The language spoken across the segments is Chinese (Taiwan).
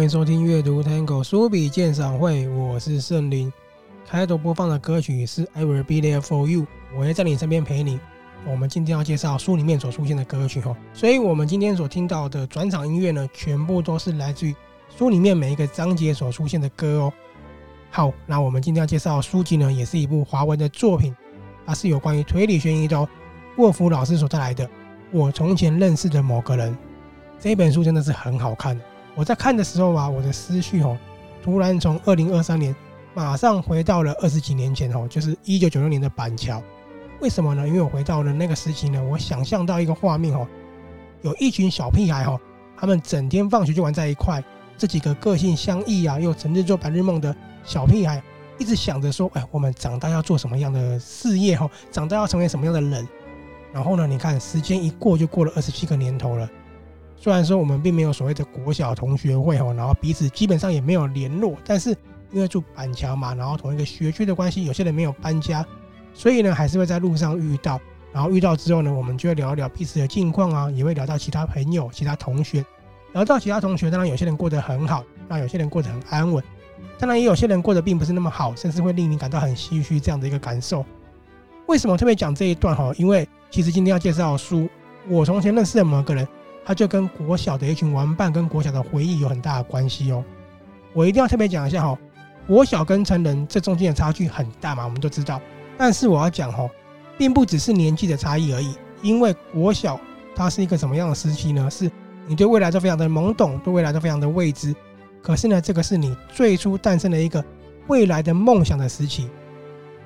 歡迎收聽閱讀 Tango 書富比鑑賞會，我是勝林。開頭播放的歌曲是 I Will Be There For You，我會在你身邊陪你。我們今天要介紹書裡面所出現的歌曲哦，所以我們今天所聽到的轉場音樂呢，全部都是來自於書裡面每一個章節所出現的歌哦。好，那我們今天要介紹書籍呢，也是一部華文的作品，它是有關於推理懸疑的哦。臥斧老師所帶來的《我從前認識的某個人》這本書真的是很好看的。我在看的時候啊，我的思緒吼、喔，突然從二零二三年馬上回到了二十幾年前哦、喔，就是一九九六年的板橋。為什麼呢？因為我回到了那個時期呢，我想象到一個畫面吼、喔，有一群小屁孩吼、喔，他們整天放學就玩在一塊，這幾個個性相異啊，又整天做白日夢的小屁孩，一直想着說，哎、欸，我們長大要做什麼樣的事業吼，長大要成為什麼樣的人？然後呢，你看時間一過就過了二十七個年頭了。雖然說我們並沒有所謂的國小同學會哈，然後彼此基本上也沒有聯絡，但是因為住板橋嘛，然後同一個學區的關係，有些人沒有搬家，所以呢還是會在路上遇到，然後遇到之後呢，我們就會聊一聊彼此的近況啊，也會聊到其他朋友、其他同學，聊到其他同學，當然有些人過得很好，那有些人過得很安穩，當然也有些人過得並不是那麼好，甚至會令你感到很唏噓這樣的一個感受。為什麼特別講這一段哈？因為其實今天要介紹的書，我從前認識的某個人。那就跟國小的一群玩伴跟國小的回憶有很大的關係哦。我一定要特別講一下哈，國小跟成人這中間的差距很大嘛，我們都知道。但是我要講哈，並不只是年紀的差異而已，因為國小它是一個什麼樣的時期呢？是你對未來都非常的懵懂，對未來都非常的未知。可是呢，這個是你最初誕生的一個未來的夢想的時期。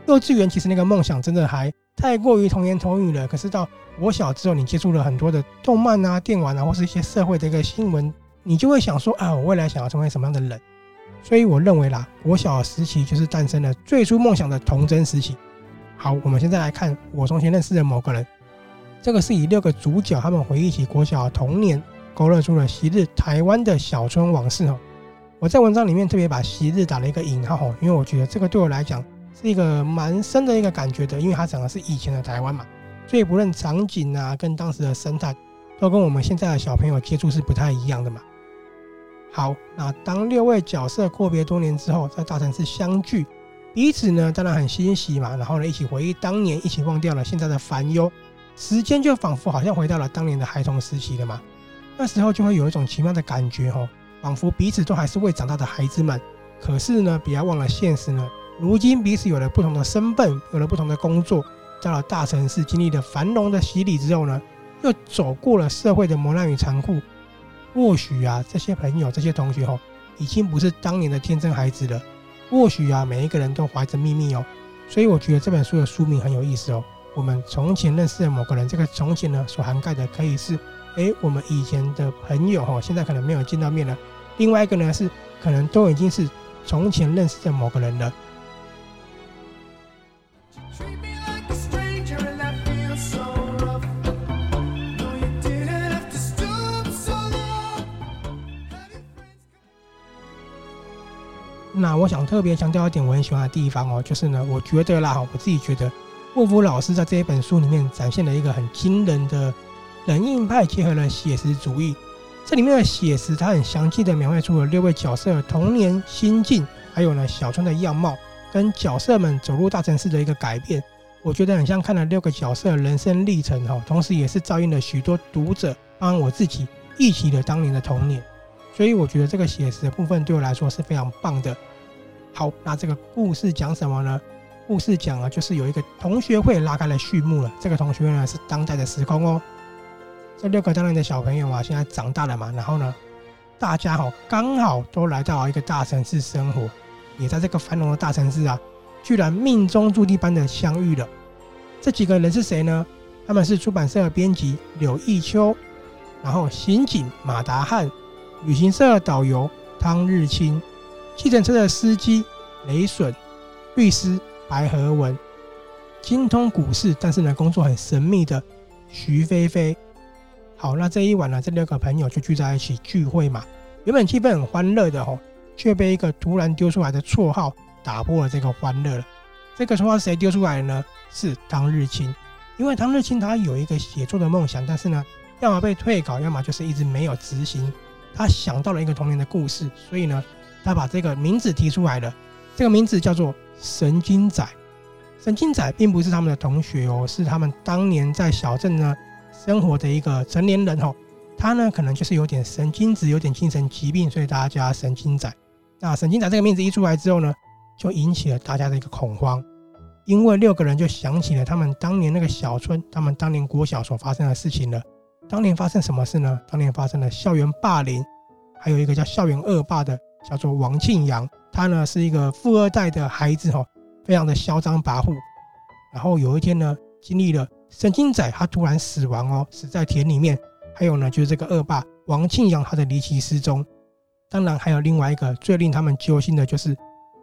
幼稚園其實那個夢想真的還。太過於童言童語了。可是到國小之後，你接觸了很多的動漫啊、電玩啊，或是一些社會的一個新聞，你就會想說啊，我未來想要成為什麼樣的人？所以我認為啦，國小時期就是誕生了最初夢想的童真時期。好，我們現在來看我從前認識的某個人。這個是以六個主角他們回憶起國小的童年，勾勒出了昔日台灣的小村往事哦。我在文章裡面特別把“昔日”打了一個引號哦，因為我覺得這個對我來講。是一個蠻深的一個感覺的，因為它講的是以前的台灣嘛，所以不論場景啊，跟當時的生態，都跟我們現在的小朋友接觸是不太一樣的嘛。好，那當六位角色闊別多年之後，在大城市相聚，彼此呢當然很欣喜嘛，然後呢一起回憶當年，一起忘掉了現在的煩憂，時間就仿佛好像回到了當年的孩童時期了嘛。那時候就會有一種奇妙的感覺哦，仿佛彼此都還是未長大的孩子們，可是呢，不要忘了現實呢。如今彼此有了不同的身份，有了不同的工作，到了大城市經歷了繁榮的洗禮之後呢，又走過了社會的磨難與殘酷。或許啊，這些朋友、這些同學哈、哦，已經不是當年的天真孩子了。或許啊，每一個人都懷着秘密哦。所以我覺得這本書的書名很有意思哦。我們從前認識的某個人，這個“從前”呢，所涵蓋的可以是哎，我們以前的朋友哈、哦，現在可能沒有見到面了；另外一個呢，是可能都已經是從前認識的某個人了。那我想特別強調一點，我很喜歡的地方哦，就是呢，我覺得啦，我自己覺得，臥斧老師在這一本書裡面展現了一個很驚人的冷硬派結合了寫實主義。這裡面的寫實，他很詳細的描繪出了六位角色的童年心境，還有呢，小村的樣貌，跟角色們走入大城市的一個改變。我覺得很像看了六個角色的人生歷程哈、哦，同時也是照映了許多讀者，幫我自己憶起了當年的童年。所以我覺得這個寫實的部分對我來說是非常棒的。好，那這個故事講什麼呢？故事講了就是有一個同學會拉開了序幕了。這個同學會呢是當代的時空哦。這六個當年的小朋友啊，現在長大了嘛。然後呢，大家哦剛好都來到一個大城市生活，也在這個繁榮的大城市啊，居然命中注定般的相遇了。這幾個人是誰呢？他們是出版社的編輯柳亦秋，然後刑警馬達翰。旅行社的導遊湯日清，計程車的司機雷損，律師白禾文，精通股市但是呢工作很神秘的徐霏霏。好，那這一晚呢，這六個朋友就聚在一起聚會嘛。原本氣氛很歡樂的哦，卻被一個突然丟出來的綽號打破了這個歡樂了。這個綽號誰丟出來呢？是湯日清，因為湯日清他有一個寫作的夢想，但是呢，要麼被退稿，要麼就是一直沒有執行。他想到了一個童年的故事，所以呢，他把這個名字提出來了。這個名字叫做“神經仔”。神經仔並不是他們的同學哦，是他們當年在小鎮呢生活的一個成年人哦。他呢可能就是有點神經質，有點精神疾病，所以大家叫他“神經仔”。那“神經仔”這個名字一出來之後呢，就引起了大家的一個恐慌，因為六個人就想起了他們當年那個小村，他們當年國小所發生的事情了。當年發生什麼事呢？當年發生了校園霸凌，還有一個叫校園惡霸的，叫做王慶陽。他呢是一個富二代的孩子，非常的囂張跋扈。然後有一天呢，經歷了神經仔他突然死亡哦，死在田裡面。還有呢，就是這個惡霸王慶陽他的離奇失蹤。當然還有另外一個最令他們揪心的，就是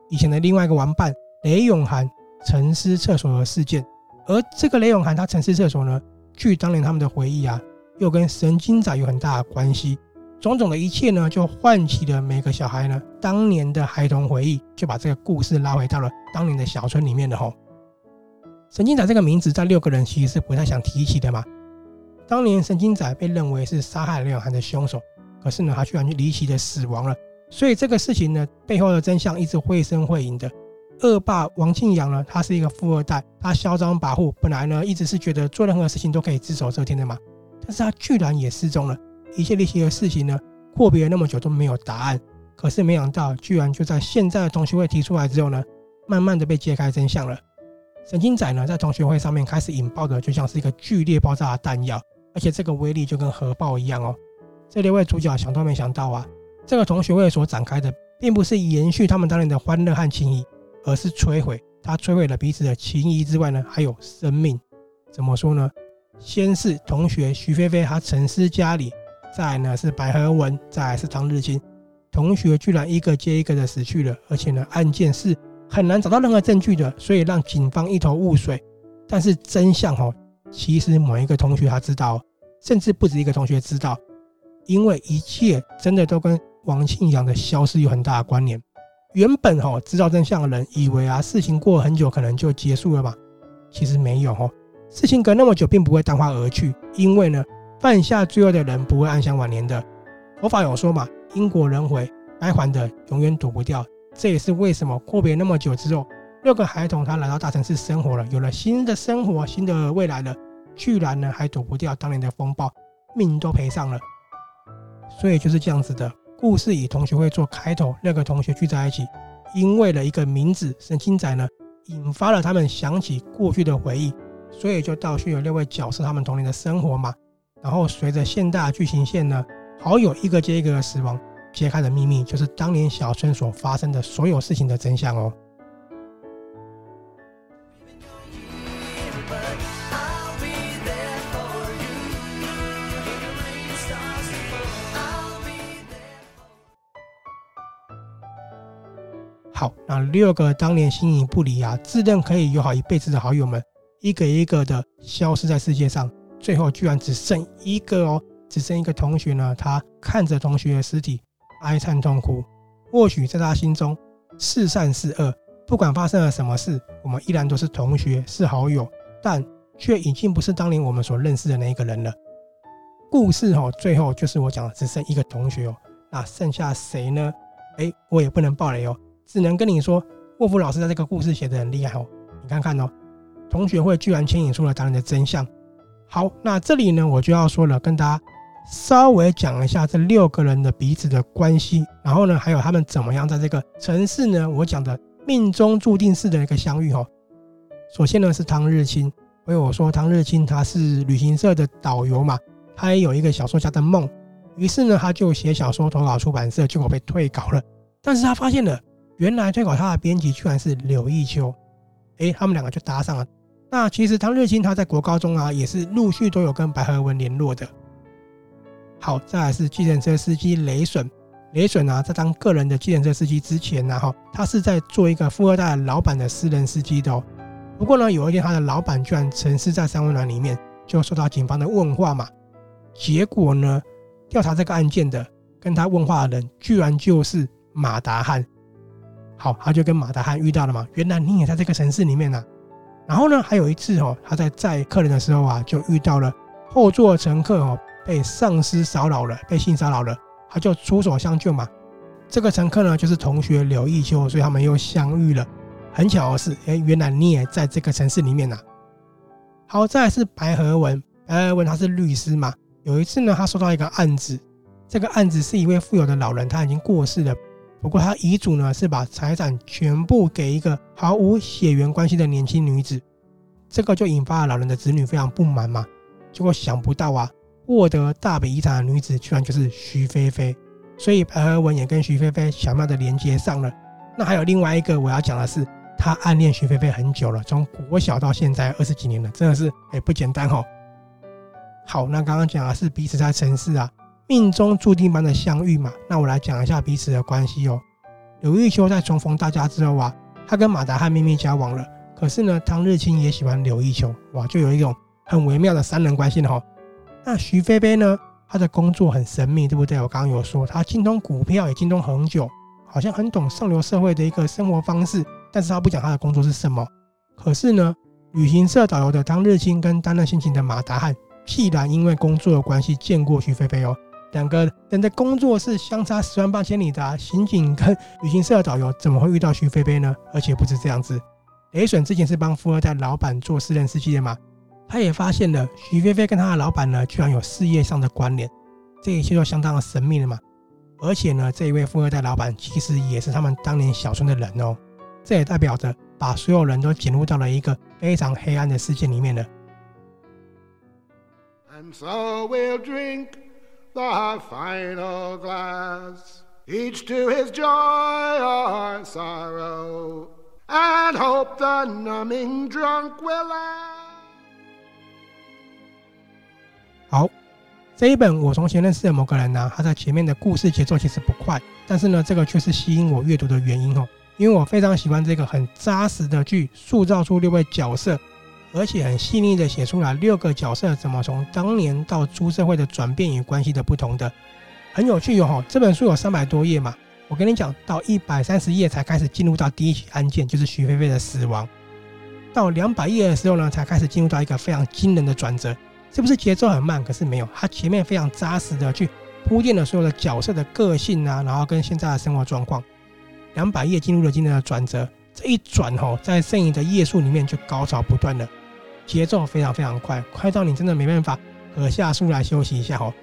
以前的另外一個玩伴雷永涵，陳屍廁所的事件。而這個雷永涵他陳屍廁所呢，據當年他們的回憶啊。又跟神經仔有很大的關係，種種的一切呢，就喚起了每個小孩呢當年的孩童回憶，就把這個故事拉回到了當年的小村裡面的哈、哦。神經仔這個名字，在六個人其實是不太想提起的嘛。當年神經仔被認為是殺害雷永涵的兇手，可是呢，他居然就離奇的死亡了，所以這個事情呢背後的真相一直繪聲繪影的。惡霸王慶陽呢，他是一個富二代，他囂張跋扈，本來呢一直是覺得做任何事情都可以隻手遮天的嘛。但是他居然也失蹤了，一切離奇的事情呢，闊別了那麼久都沒有答案。可是沒想到，居然就在現在的同學會提出來之後呢，慢慢的被揭開真相了。神經仔呢，在同學會上面開始引爆的，就像是一個劇烈爆炸的彈藥，而且這個威力就跟核爆一樣哦。這六位主角想都沒想到啊，這個同學會所展開的，並不是延續他們當年的歡樂和情誼，而是摧毀。他摧毀了彼此的情誼之外呢，還有生命。怎麼說呢？先是同學徐霏霏，她陳屍家裡，再來呢是白禾文，再來是湯日清，同學居然一個接一個的死去了，而且呢案件是很難找到任何證據的，所以讓警方一頭霧水。但是真相哦，其實某一個同學他知道哦，甚至不止一個同學知道，因為一切真的都跟王慶陽的消失有很大的關聯。原本哦知道真相的人以為啊事情過了很久可能就結束了吧，其實沒有哦。事情隔那麼久並不會淡化而去，因為呢，犯下罪惡的人不會安享晚年的。的佛法有說嘛，因果輪迴，該還的永遠躲不掉。這也是為什麼闊別那麼久之後，六個孩童他來到大城市生活了，有了新的生活、新的未來了，居然呢還躲不掉當年的風暴，命都賠上了。所以就是這樣子的故事，以同學會做開頭，六個同學聚在一起，因為了一個名字——神經仔呢，引發了他們想起過去的回憶。所以就倒敘有六位角色他們童年的生活嘛，然後隨着現代劇情線呢，好友一個接一個的死亡，揭開的秘密就是當年小村所發生的所有事情的真相哦。好，那六個當年形影不離啊，自認可以友好一輩子的好友們，一個一個的消失在世界上，最後居然只剩一個哦，只剩一個同學呢。他看着同學的屍體，哀嘆痛哭。或許在他心中，是善是惡，不管發生了什麼事，我們依然都是同學，是好友，但卻已經不是當年我們所認識的那一個人了。故事哦，最後就是我講的，只剩一個同學哦。那剩下誰呢？哎，我也不能爆雷哦，只能跟你說，臥斧老師在這個故事寫得很厲害哦，你看看哦。同學會居然牽引出了他人的真相。好，那這裡呢，我就要說了，跟大家稍微講一下這六個人的彼此的關係，然後呢，還有他們怎麼樣在這個城市呢？我講的命中注定式的一個相遇哈、哦。首先呢，是湯日清，因為我有說湯日清他是旅行社的導遊嘛，他也有一個小說家的夢，於是呢，他就寫小說投稿出版社，結果被退稿了。但是他發現了，原來退稿他的編輯居然是柳亦秋、欸，誒，他們兩個就搭上了。那其實湯日清他在國高中啊，也是陸續都有跟白禾文聯絡的。好，再來是計程車司機雷損。雷損啊，在當個人的計程車司機之前、啊，然後他是在做一個富二代老板的私人司機的哦。不過呢，有一天他的老板居然陳屍在三溫暖裡面，就受到警方的問話嘛。結果呢，調查這個案件的跟他問話的人，居然就是馬達翰。好，他就跟馬達翰遇到了嘛，原來你也在這個城市裡面啊。然後呢，還有一次哦，他在載客人的時候啊，就遇到了後座的乘客哦被上司騷擾了，被性騷擾了，他就出手相救嘛。這個乘客呢，就是同學柳亦秋，所以他們又相遇了。很巧的是，哎、欸，原來你也在這個城市裡面吶、啊。好，再是白禾文，白禾文他是律師嘛。有一次呢，他收到一個案子，這個案子是一位富有的老人，他已經過世了。不過他遺囑呢，是把財產全部給一個毫無血緣關係的年輕女子，這個就引發了老人的子女非常不滿嘛。結果想不到啊，獲得大筆遺產的女子居然就是徐霏霏。所以白禾文也跟徐霏霏巧妙的連接上了。那還有另外一個我要講的是，他暗戀徐霏霏很久了，從國小到現在二十幾年了，真的是也不簡單哦。好，那剛剛講的是彼此在城市啊。命中注定般的相遇嘛，那我來講一下彼此的關係哦。柳亦秋在重逢大家之後啊，他跟馬達翰秘密交往了。可是呢，湯日清也喜歡柳亦秋哇，就有一種很微妙的三人關係的哈、哦。那徐霏霏呢，他的工作很神秘，對不對？我剛剛有說他精通股票，也精通紅酒，好像很懂上流社會的一個生活方式。但是他不講他的工作是什麼。可是呢，旅行社導遊的湯日清跟擔任刑警的馬達翰，必然因為工作的關係見過徐霏霏哦。兩個人的工作是相差十萬八千里的啊，刑警跟旅行社的導遊怎麼會遇到徐霏霏呢？而且不是這樣子，雷損之前是幫富二代老闆做私人司機的嘛，他也發現了徐霏霏跟他的老闆呢，居然有事業上的關聯，這一切都相當的神秘了嘛。而且呢，這一位富二代老闆其實也是他們當年小村的人哦，這也代表着把所有人都捲入到了一個非常黑暗的世界裡面了。So we'll The final glass, each to his joy or sorrow, and hope the numbing drunk will end. 好，這一本我從前認識的某個人呢、啊、他在前面的故事節奏其實不快，但是呢，這個卻是吸引我閱讀的原因哦，因為我非常喜歡這個很扎實的劇塑造出六位角色而且很細膩的寫出來六個角色怎麼從當年到出社會的轉變與關係的不同的，很有趣喲、哦、這本書有三百多頁嘛，我跟你講，到一百三十頁才開始進入到第一起案件，就是徐霏霏的死亡；到兩百頁的時候呢，才開始進入到一個非常驚人的轉折。是不是節奏很慢？可是沒有，它前面非常扎實的去鋪墊了所有的角色的個性啊，然後跟現在的生活狀況。兩百頁進入了今天的轉折，這一轉哦，在剩餘的頁數裡面就高潮不斷了。節奏非常非常快，快到你真的沒辦法闔下書來休息一下哦，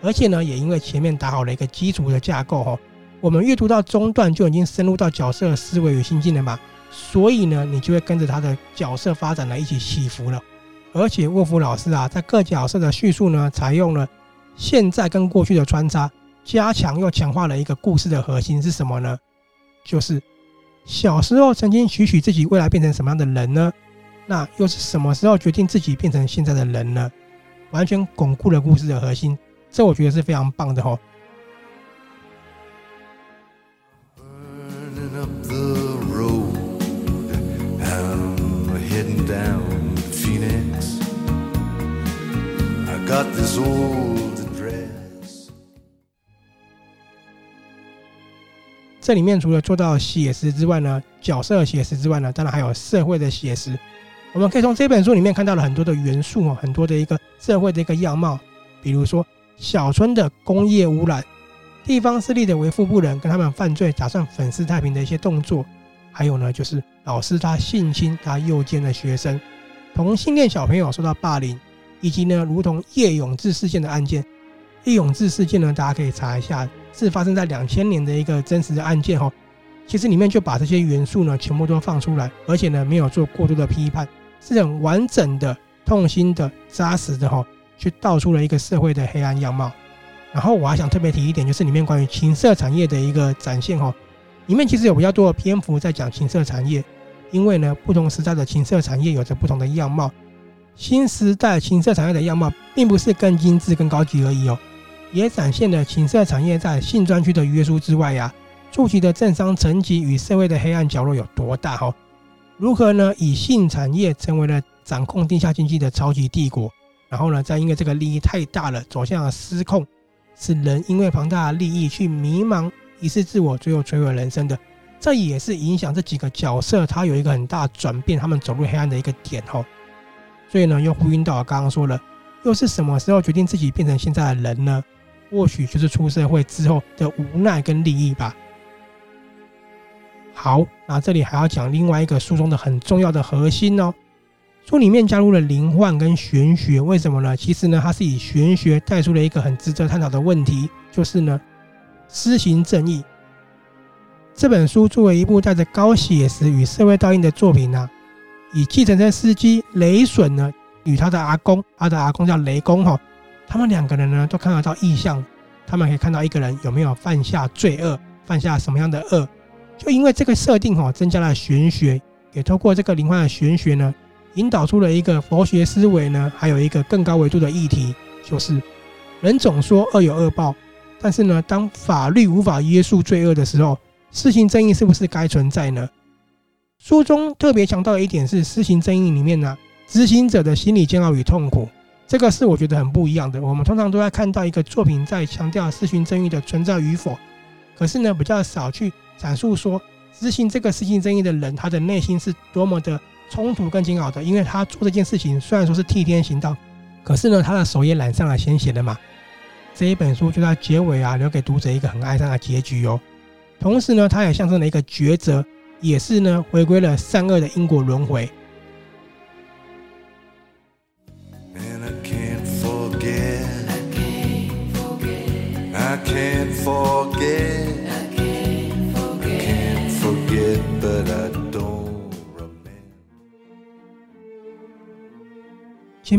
而且呢，也因為前面打好了一個基礎的架構哦，我們閱讀到中段就已經深入到角色的思維與心境了嘛，所以呢，你就會跟着他的角色發展來一起起伏了。而且臥斧老師啊，在各角色的敘述呢，採用了現在跟過去的穿插，加強又強化了一個故事的核心是什麼呢？就是小時候曾經期許自己未來變成什麼樣的人呢？那又是什麼時候決定自己變成現在的人呢？完全鞏固了故事的核心，這我覺得是非常棒的 dress、哦。這裡面除了做到寫實之外呢，角色的寫實之外呢，當然還有社會的寫實。我們可以從這本書裡面看到了很多的元素哦，很多的一個社會的一個樣貌，比如說小村的工業污染，地方勢力的為富不仁，跟他們犯罪打算粉飾太平的一些動作，還有呢就是老師他性侵他誘姦的學生，同性戀小朋友受到霸凌，以及呢如同葉永鋕事件的案件。葉永鋕事件呢，大家可以查一下，是發生在兩千年的一個真實的案件哦。其實裡面就把這些元素呢全部都放出來，而且呢沒有做過多的批判。是很完整的、痛心的、扎實的哈，去道出了一個社會的黑暗樣貌。然後我還想特別提一點，就是裡面關於情色產業的一個展現哈，裡面其實有比較多的篇幅在講情色產業，因為呢不同時代的情色產業有着不同的樣貌。新時代情色產業的樣貌，並不是更精緻、更高級而已哦，也展現了情色產業在性專區的約束之外呀、啊，觸及的政商層級與社會的黑暗角落有多大哈。如何呢？以性產業成為了掌控地下經濟的超級帝國，然後呢，再因為這個利益太大了，走向了失控，使人因為龐大的利益去迷茫、迷失自我，最後摧毀人生的。這也是影響這幾個角色他有一個很大轉變，他們走入黑暗的一個點哦。所以呢，又呼應到剛剛說了，又是什麼時候決定自己變成現在的人呢？或許就是出社會之後的無奈跟利益吧。好，那這裡還要講另外一個書中的很重要的核心哦。書裡面加入了靈幻跟玄學，為什麼呢？其實呢，它是以玄學帶出了一個很值得探討的問題，就是呢，私刑正義。這本書作為一部帶着高寫實與社會倒映的作品啊，以計程車司機雷損呢，與他的阿公，他的阿公叫雷公哈，他們兩個人呢都看得到異象，他們可以看到一個人有沒有犯下罪惡，犯下什麼樣的惡。就因為這個設定哈、哦，增加了玄學，也透過這個靈幻的玄學呢，引導出了一個佛學思維呢，還有一個更高維度的議題，就是人總說惡有惡報，但是呢，當法律無法約束罪惡的時候，私刑正義是不是該存在呢？書中特別強調的一點是，私刑正義裡面呢、啊，執行者的心理煎熬與痛苦，這個是我覺得很不一樣的。我們通常都在看到一個作品在強調私刑正義的存在與否，可是呢，比較少去。闡述說，執行這個私刑正義的人，他的內心是多麼的衝突跟煎熬的，因為他做這件事情雖然說是替天行道，可是呢，他的手也染上了鮮血的嘛。這一本書就在結尾啊，留給讀者一個很哀傷的結局哦。同時呢，他也象徵了一個抉擇，也是呢，回歸了善惡的因果輪回。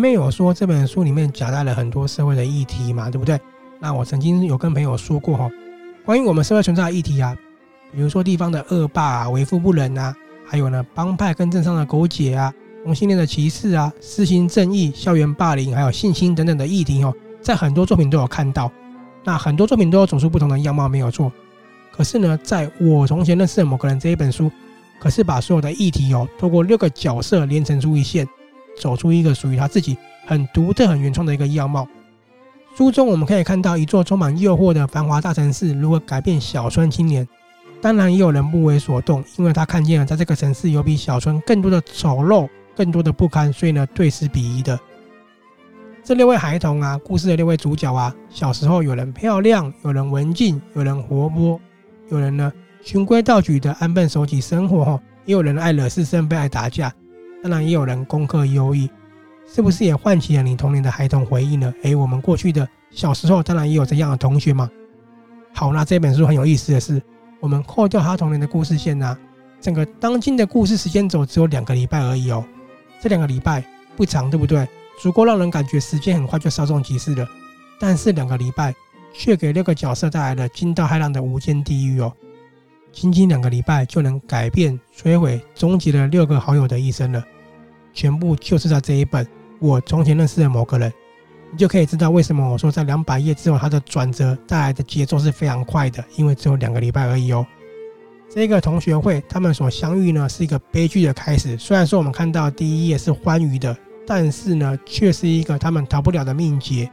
沒有說這本書裡面夾帶了很多社會的議題嘛，對不對？那我曾經有跟朋友說過哈，關於我們社會存在的議題啊，比如說地方的惡霸啊、為富不仁啊，還有呢幫派跟政商的勾結啊、同性戀的歧視啊、私刑正義、校園霸凌，還有性侵等等的議題哦，在很多作品都有看到，那很多作品都有種出不同的樣貌，沒有錯。可是呢，在我從前認識的某個人這一本書，可是把所有的議題哦，透過六個角色連成出一線。走出一個屬於他自己很獨特、很原創的一個樣貌。書中我們可以看到一座充滿誘惑的繁華大城市如何改變小村青年。當然，也有人不為所動，因為他看見了在這個城市有比小村更多的醜陋、更多的不堪，所以呢，對此鄙夷的。這六位孩童啊，故事的六位主角啊，小時候有人漂亮，有人文靜，有人活潑，有人呢循規蹈矩的安分守己生活，吼，也有人愛惹是生非，愛打架。當然也有人功課優異，是不是也喚起了你童年的孩童回憶呢？哎，我們過去的小時候當然也有這樣的同學嘛。好，那這本書很有意思的是，我們扣掉他童年的故事線呢、啊，整個當今的故事時間軸只，只有兩個禮拜而已哦。這兩個禮拜不長，對不對？足夠讓人感覺時間很快就稍縱即逝了。但是兩個禮拜卻給六個角色帶來了驚濤駭浪的無間地獄哦。僅僅兩個禮拜就能改變、摧毀、終結了六個好友的一生了。全部就是在這一本，我從前認識的某個人，你就可以知道為什麼我說在兩百頁之後，它的轉折帶來的節奏是非常快的，因為只有兩個禮拜而已哦。這個同學會，他們所相遇呢，是一個悲劇的開始。雖然說我們看到第一頁是歡愉的，但是呢，卻是一個他們逃不了的命劫。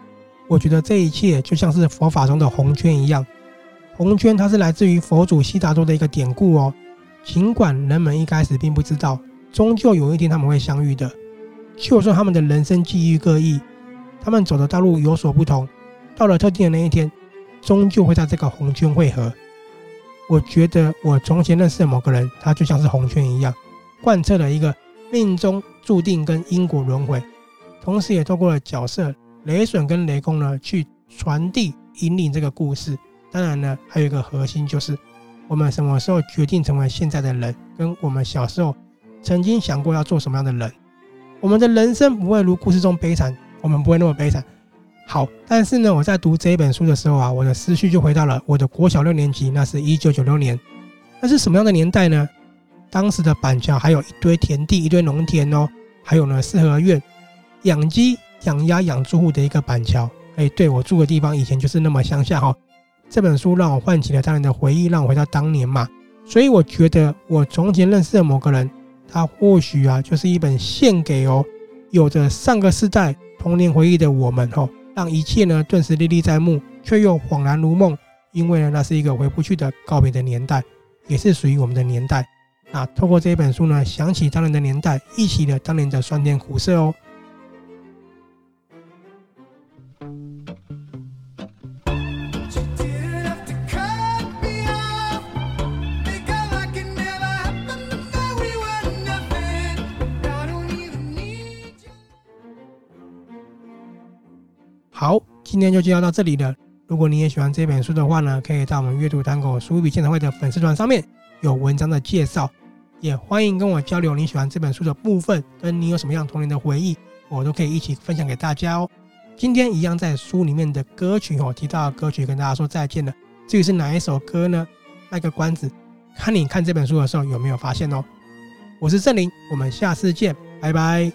我覺得這一切就像是佛法中的紅圈一樣，紅圈它是來自於佛祖悉達多的一個典故哦。盡管人們一開始並不知道。終究有一天他們會相遇的，就算他們的人生際遇各異，他們走的道路有所不同，到了特定的那一天，終究會在這個紅圈匯合。我覺得我從前認識的某個人，他就像是紅圈一樣，貫徹了一個命中注定跟因果輪迴，同時也透過了角色雷損跟雷公呢去傳遞引領這個故事。當然呢，還有一個核心就是我們什麼時候決定成為現在的人，跟我們小時候。曾經想過要做什麼樣的人？我們的人生不會如故事中悲慘，我們不會那麼悲慘。好，但是呢，我在讀這本書的時候啊，我的思緒就回到了我的國小六年級，那是一九九六年，那是什麼樣的年代呢？當時的板橋還有一堆田地，一堆農田哦，還有呢四合院，養雞、養鴨、養豬戶的一個板橋。哎，對，我住的地方以前就是那麼鄉下哈、哦。這本書讓我喚起了當年的回憶，讓我回到當年嘛。所以我覺得我從前認識的某個人。它或許啊，就是一本獻給哦，有着上個世代童年回憶的我們吼、哦，讓一切呢頓時歷歷在目，卻又恍然如夢，因為呢，那是一個回不去的告別的年代，也是屬於我們的年代。那透過這一本書呢，想起當年的年代，憶起了當年的酸甜苦澀哦。今天就介紹到這裡了。如果你也喜歡這本書的話呢，可以到我們閱讀探戈書富比鑑賞會的粉絲團上面有文章的介紹。也歡迎跟我交流你喜歡這本書的部分，跟你有什麼樣童年的回憶，我都可以一起分享給大家哦。今天一樣在書裡面的歌曲，我、哦、提到的歌曲跟大家說再見了，至於是哪一首歌呢？賣個關子，看你看這本書的時候有沒有發現哦。我是正林，我們下次見，拜拜。